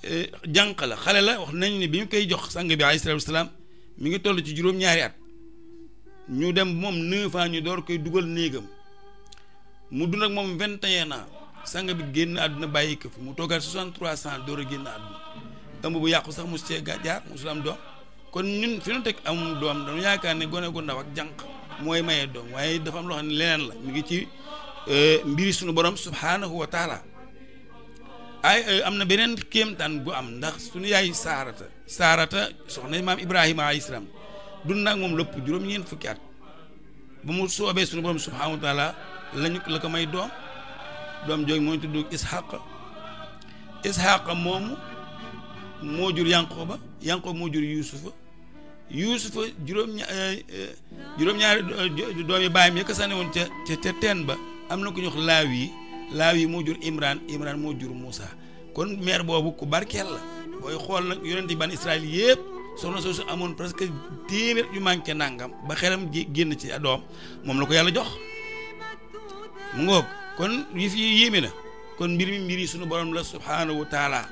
eh, jànq la xale la wax nañ ni bi ñu koy jox sang bi alayhi salaatu wasalaam mi ngi toll ci juróom-ñaari at ñu dem moom neuf ans ñu door koy dugal néegam mu du nag moom vingt et un ans sang bi génn àdduna bàyyi ko fi mu toogaat soixante-trois ans door a génn àdduna ëmb bu yàqu sax mu cee jaar musul am doom kon ñun fi ñu teg amul doom dañu yaakaar ne gone ndaw ak jànq mooy maye doom waaye dafam am loo leneen la mu ngi ci euh, mbiri sunu borom subhaanahu wa ay am na beneen kéemtaan bu am ndax sunu yaay saarata saarata soxna maam ibrahima alayhi salaam dund naag moom lépp juróom-ñeent fukki at ba mu soobee sunu borom subhaanahu wa taala lañu la ko may doom doom jooju mooy tudd ishaq ishaq moom moo jur yanqooba yanqooba moo jur yuusufa yuusufa juróom eh, eh, juróom-ñaari eh, doomi baayam yëkka sànni woon ca ca teen ba am na ku ñu laaw yi laaw yi moo jur imran imran moo jur Moussa kon meer boobu ku barkeel la booy xool nag yonent yi ban Israël yëpp soxna soosu amoon presque téeméer yu manqué nangam ba xelam génn ci doom moom la ko yàlla jox mu ngoog kon yëf yi yéeme na kon mbir mi mbir yi suñu borom la subhaanahu wa taala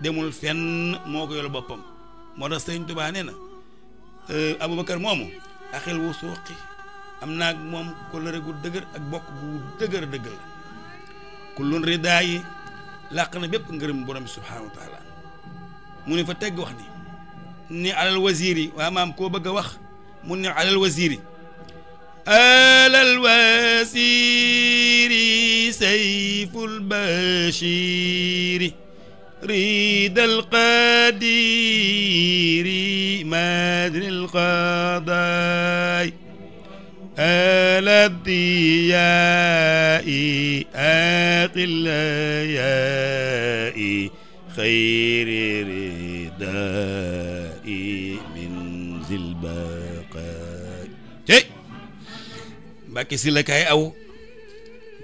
demul fenn moo ko yor boppam moo tax sëñ Tuubaa nee na Euh, Aboubacar moomu axil wu suuqi am naa ak moom kóllëre gu dëgër ak bokk gu dëgër dëgër kullun ridaa yi làq na bépp ngërëm borom bi subhaanahu taala mu ne fa tegg wax ni ni alal bëgg a wax mu ne alal wasiir yi alal wasiir yi sayful bashiir مدن القضاء آل الضياء أقلياء خير رداء من ذي البقاء tey Mbàkke si la kay aw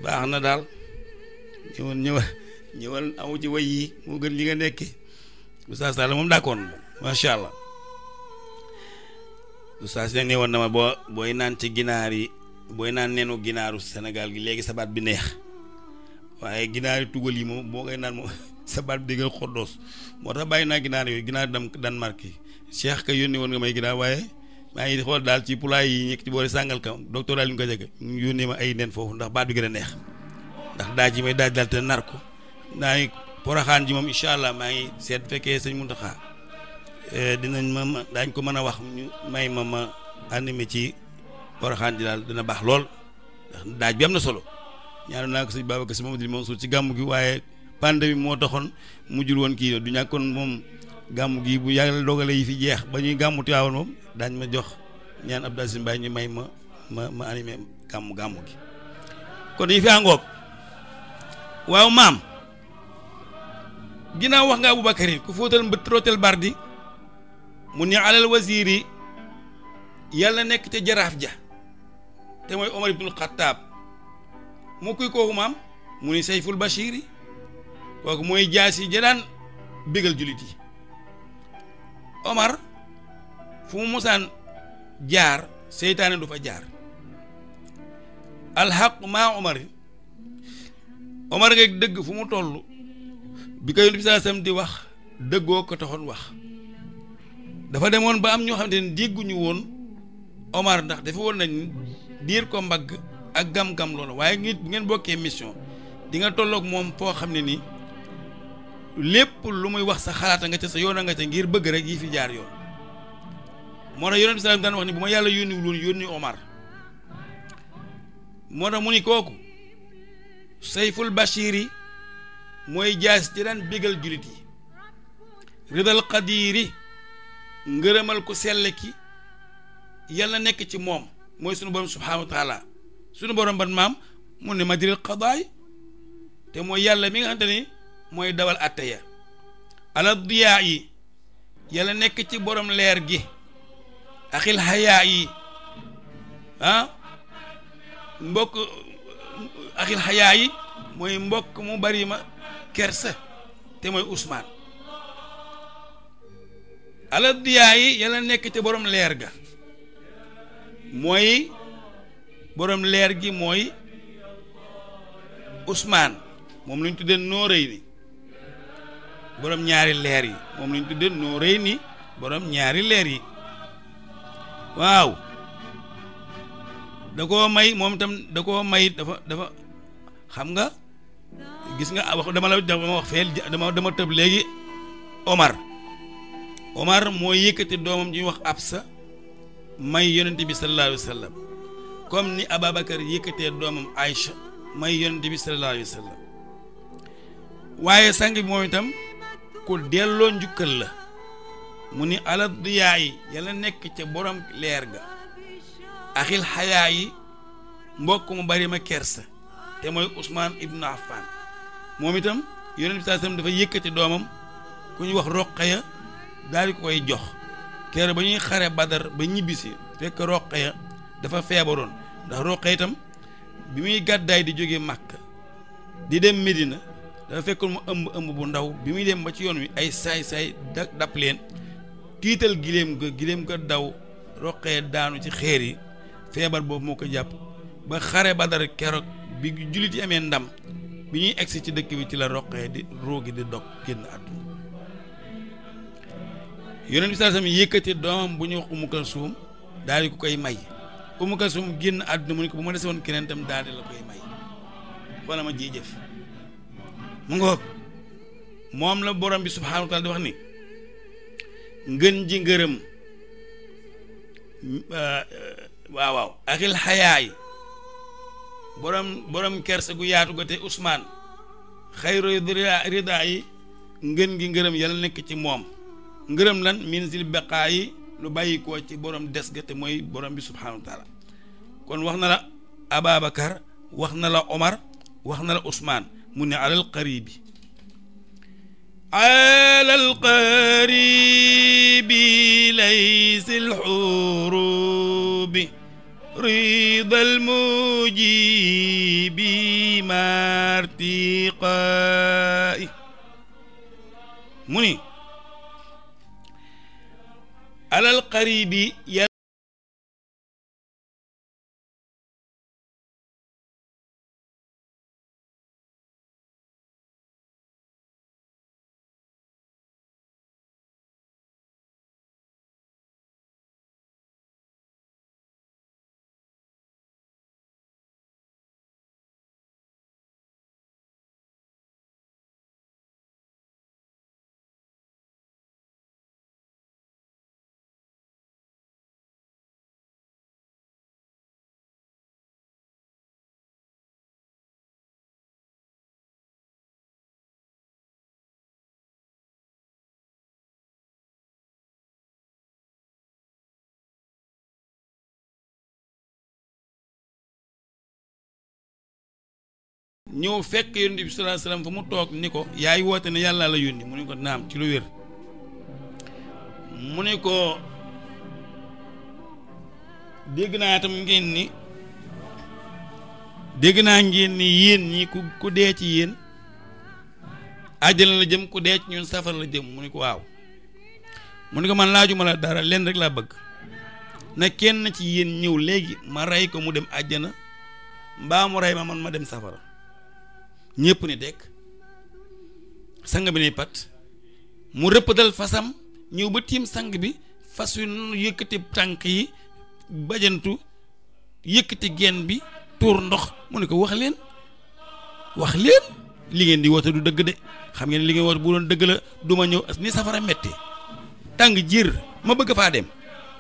baax na daal ñëwal ñëwal ñëwal aw ci way yi moo gën li nga nekke Oustaz Sall moom d'accord na macha allah oustaz nag ne woon na ma boo booy naan ci ginaar yi booy naan nenu ginaaru Sénégal gi léegi sa baat bi neex waaye ginaar yi tugal yi moom boo koy naan moom [laughs] sa bi dégg xoddoos moo tax ginaar yooyu ginaar dam Danemark yi Cheikh ka woon nga may waaye maa ngi xool daal ci pulaay yi nekk ci boori sàngal kam docteur yónnee ma ay nen foofu ndax baat bi gën a neex ndax daaj yi may daaj daal te nar ko naa ngi poroxaan ji moom incha allah maa ngi seet fekkee sëñ Muntaxa Eh, dinañ ma daañ ko mën a wax ñu may ma ma animé ci Porokhane ji daal dina baax lool ndax daaj bi am na solo ñaanu naa ko sëñ Babacar Si Mamadou Mansour ci gàmmu gi waaye pandémie moo taxoon mujjul woon kii du ñàkkoon moom gàmm gi bu yàlla dogale yi fi jeex ba ñuy gàmmu Tiwaawan moom daañ ma jox ñaan Abdou Aziz Mbaye ñu may ma ma ma animé gàmm gàmm gi kon yi fi àngoog waaw maam ginnaaw wax nga Aboubacar yi ku fóotal mbët rotel bardi mu ni alal wasiir yi yàlla nekk ca jaraaf ja te mooy omar ibnul xataab mu kuy kooku maam mu ni sayful bashir yi kooku mooy jaasi ja daan bégal jullit yi omar fu mu musaan jaar seytaane du fa jaar alxaq maa omar yi omar ngay dëgg fu mu toll bi ko yonent bi di wax dëggoo ko taxoon wax dafa demoon ba am ñoo xamante ne dégguñu woon Omar ndax dafa woon nañ diir ko mbagg ak gam-gam loolu waaye nit bu ngeen bokkee mission di nga tolloog moom foo xam ne nii lépp lu muy wax sa xalaata nga ca sa yoon a nga ca ngir bëgg rek yi fi jaar yoon moo tax yonent bi salaam daan wax ni bu ma yàlla yónniwul woon yónni Omar moo tax mu ni kooku sayful bashir mooy jaas ci daan bégal jullit yi ridal qadiri ngërëmal ko sell ki yàlla nekk ci moom mooy sunu borom subhaanahu sunu borom ban maam mu ne madiril qadaay te mooy yàlla mi nga xamante mooy dawal atte ya ala diyaa yi yàlla nekk ci borom leer gi axil hayaa yi ah mbokk axil hayaa mooy mbokk mu bari ma kersa te mooy Ousmane alal diyaa yi yàlla nekk ci borom leer ga mooy boroom leer gi mooy Ousmane moom lañ tuddee noorëy ni boroom ñaari leer yi moom lañ tuddee noorëy ni borom ñaari leer yi waaw da koo may moom itam da koo may dafa dafa xam nga gis nga wax dama la dama wax feel dama tëb léegi Omar Omar moo yëkkati doomam ju ñuy wax Absa may yonent bi sallallahu alayhi ni Ababacar yëkkatee doomam Aïcha may yonent bi sallallahu waaye sang bi moom itam ku delloo njukkal la mu ni alal diyaa yi yàlla nekk ca boroom leer ga axil xayaa yi mbokk mu bari ma kersa te mooy Ousmane Ibn Affan moom itam yonent bi sallallahu dafa yëkkati doomam ku ñu wax Roqaya daal di koy jox keroog ba ñuy xare badar ba ñibbisi fekk ya dafa feebaroon ndax roqe itam bi muy gàddaay di jóge màkk di dem Medina dafa fekkoon mu ëmb ëmb bu ndaw bi muy dem ba ci yoon wi ay saay-saay da dab leen tiital giléem ga giléem ga daw roqee daanu ci xeer yi feebar boobu mu ko jàpp ba xare badar keroog bi jullit yi amee ndam bi ñuy egsi ci dëkk bi ci la roqee di roogi di dog génn àdduna yonent bi sam alayhi wasallam doomam bu ñu wax Umu Kalsum daal ko koy may Umu Kalsum génn àdduna mu ne ko bu ma dese woon keneen tam daal di la koy may wala ma ji jëf mu ngoog moom la borom bi subhaanahu wa di wax ni ngën ji ngërëm euh, waaw waaw axil xayaay borom borom kersa gu yaatu ga te Ousmane xayru rida yi ngën gi ngërëm yàlla nekk ci moom ngërëm lan min sil baqaa yi lu bàyyikoo ci borom des ga mooy borom bi subhanahu wa taala kon wax na la Ababacar wax na la Omar wax na la Ousmane mu ne alal qaribi alal qaribi laysi lxurubi rida almujibi martiqai mu ni alal qaribi ñëw fekk yonent bi sallallahu alayhi wasallam mu toog ni ko yaay woote ne yàlla la yónni mu ni ko naam ci lu wér mu ne ko dégg naa itam ngeen ni dégg naa ngéen ni yéen ñi ku ku dee ci yéen àjjana la jëm ku dee ci ñun safara la jëm mu ne ko waaw mu ne ko man laajuma la dara leen rek laa bëgg na kenn ci yéen ñëw léegi ma rey ko mu dem àjjana mbaa mu rey ma man ma dem safara ñépp ni dekk sang bi ne pat mu rëppdal fasam ñëw ba tiim sang bi fas yu yëkkati tànk yi bajantu yëkkati genn bi tuur ndox mu ne ko wax leen wax leen li ngeen di woote du dëgg de xam ngeen li ngeen woote bu doon dëgg la du ma ñëw ni safara metti tàng jiir ma bëgg faa dem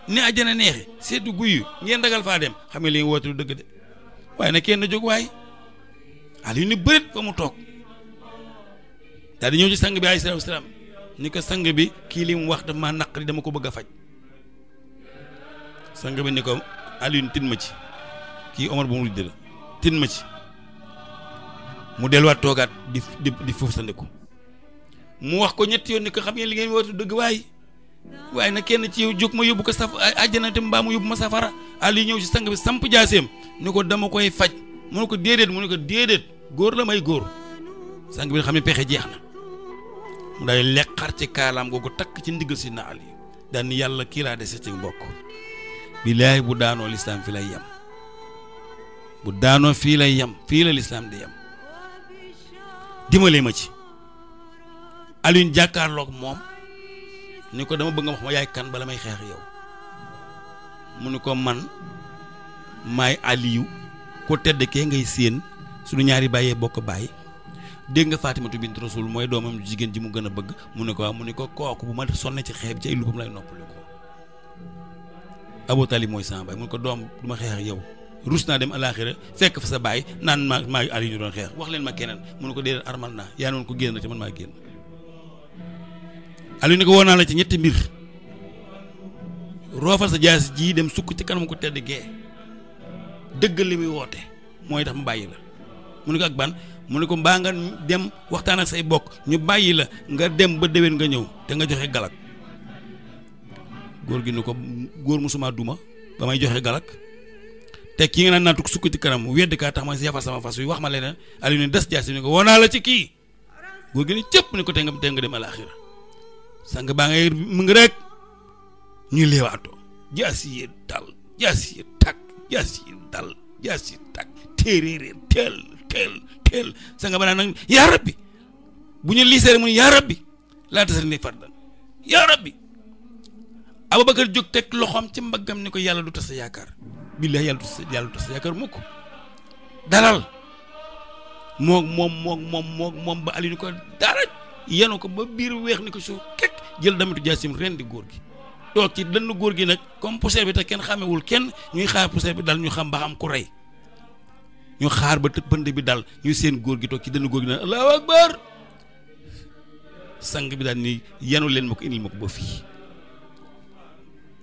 ni àjjana neexi seetu guyu ngeen ragal faa dem xam ngeen li ngeen woote du dëgg de waaye na kenn jóg waay Aliou ni bërit ba mu toog daal di ñëw ci sang bi alayhi salaatu wasalaam ni ko sang bi kii li mu wax daf maa naqari dama ko bëgg a faj sang bi ni ko Aliou tin ma ci kii Omar bu mu ludd la tin ma ci mu delluwaat toogaat di di di foofu sa ndëkku mu wax ko ñetti yoon ni ko xam ngeen li ngeen woote dëgg waaye waaye nag kenn ci yow jóg ma yóbbu ko saf àjjana te mbaa mu yóbbu ma safara Aliou ñëw ci sang bi samp jaaseem ni ko dama koy faj mu ne ko déedéet mu ne ko déedéet góor la may góor sang bi xam ne pexe jeex na mu day leqar ci kaalaam googu takk ci ndiggal si na ali daan yàlla kii laa dese ci mbokk billaay bu daanoo lislaam fi lay yem bu daanoo fii lay yem la lislaam di yem dimbale ma ci Alioune jàkkaarlook moom ni ko dama bëgg nga wax ma yaay kan bala may xeex yow mu ni ko man maay Aliou ko tedd kee ngay séen suñu ñaari bàyyee bokk bàyyi dégg nga Fatimatu bint Rasul mooy doomam jigéen ji mu gën a bëgg mu ne ko mu ne ko kooku bu ma sonne ci xeeb ci ay lubam lay noppali ko Abu mooy sama baay mu ne ko doom ma xeex yow rus naa dem alaaxira fekk sa baay naan maa maa xeex wax leen ma keneen mu ne ko déedéet armal naa yaa noonu ko génn te man maa génn ali ko woo naa la ci ñetti mbir roofal sa jaas jii dem sukk ci kanam ko tedd li muy woote mooy tax mu bàyyi la mu ne ko ak ban mu ne ko mbaa nga dem waxtaan ak say bokk ñu bàyyi la nga dem ba déwén nga ñëw te nga joxe galak góor gi ni ko góor mu suma duma ba may joxe galak te kii nga naan naa tukk sukk ci kanam wedd kaa tax ma yafal sama fas wi wax ma leneen Aliou ne des jaasi ni ko woo naa la ci kii góor gi ni cëpp ni ko te nga te nga dem alaaxira sang baa ngay mu ngi rek ñuy leewaatoo jaas yi dal jaas yi takk jaas yi dal jaas yi takk téeréer teel teel teel sa nga ba naan nag yaa rabbi bu ñu liisee rek mu ne yaa rabbi laa tasari ni fardan yaa rabbi Abubakar jóg te loxoom ci mbaggam ni ko yàlla du tas sa yaakaar billahi yàlla du tas yàlla du yaakaar mukk dalal moom moom moom moom moom moom ba ali ni ko dara yenu ko ba biir weex ni ko suuf kekk jël damitu jaasim ren di góor gi toog ci dënn góor gi nag comme poussière bi te kenn xamewul kenn ñuy xaar poussière bi dal ñu xam ba xam ku rey ñu xaar ba pënd bi daal ñu seen góor gi toog ci dënn góor gi naan allahu akbar sang bi daal ni yenu leen ma ko indil ma ko ba fii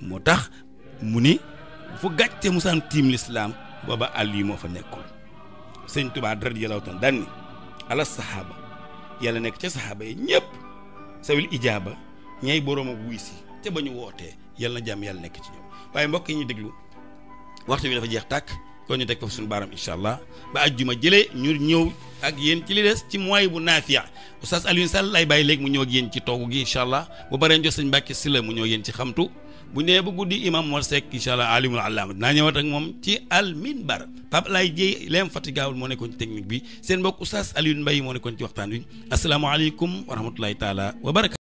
moo tax mu ni fu gàcce musaan tiim lislaam booba àll yi moo fa nekkoon sëñ Tuubaa radiyallaahu taala daan ni ala saxaaba yàlla nekk ca saxaaba yi ijaaba ñay boroom wuy si te ba ñu wootee yàlla na jàmm yàlla nekk ci ñoom waaye mbokk yi ñu déglu waxtu bi dafa jeex tàkk kon ñu teg foofu suñu baaram incha allah ba ajjuma jëlee ñu ñëw ak yéen ci li des ci mooy bu naafiya oustaz Alioune Sall lay bàyyi léegi mu ñëw ak yéen ci toogu gi incha allah bu bareen jox sëñ Mbàkke Sylla mu ñëw yéen ci xamtu bu nee ba guddi imam Mor Seck incha allah alimul allaama dinaa ñëwaat ak moom ci al minbar Pape Laye Dieye leem fatigawul moo nekkoon ci technique bi seen mbokk oustaz Alioune mbay moo nekkoon ci waxtaan wi asalaamaaleykum wa rahmatulahi taala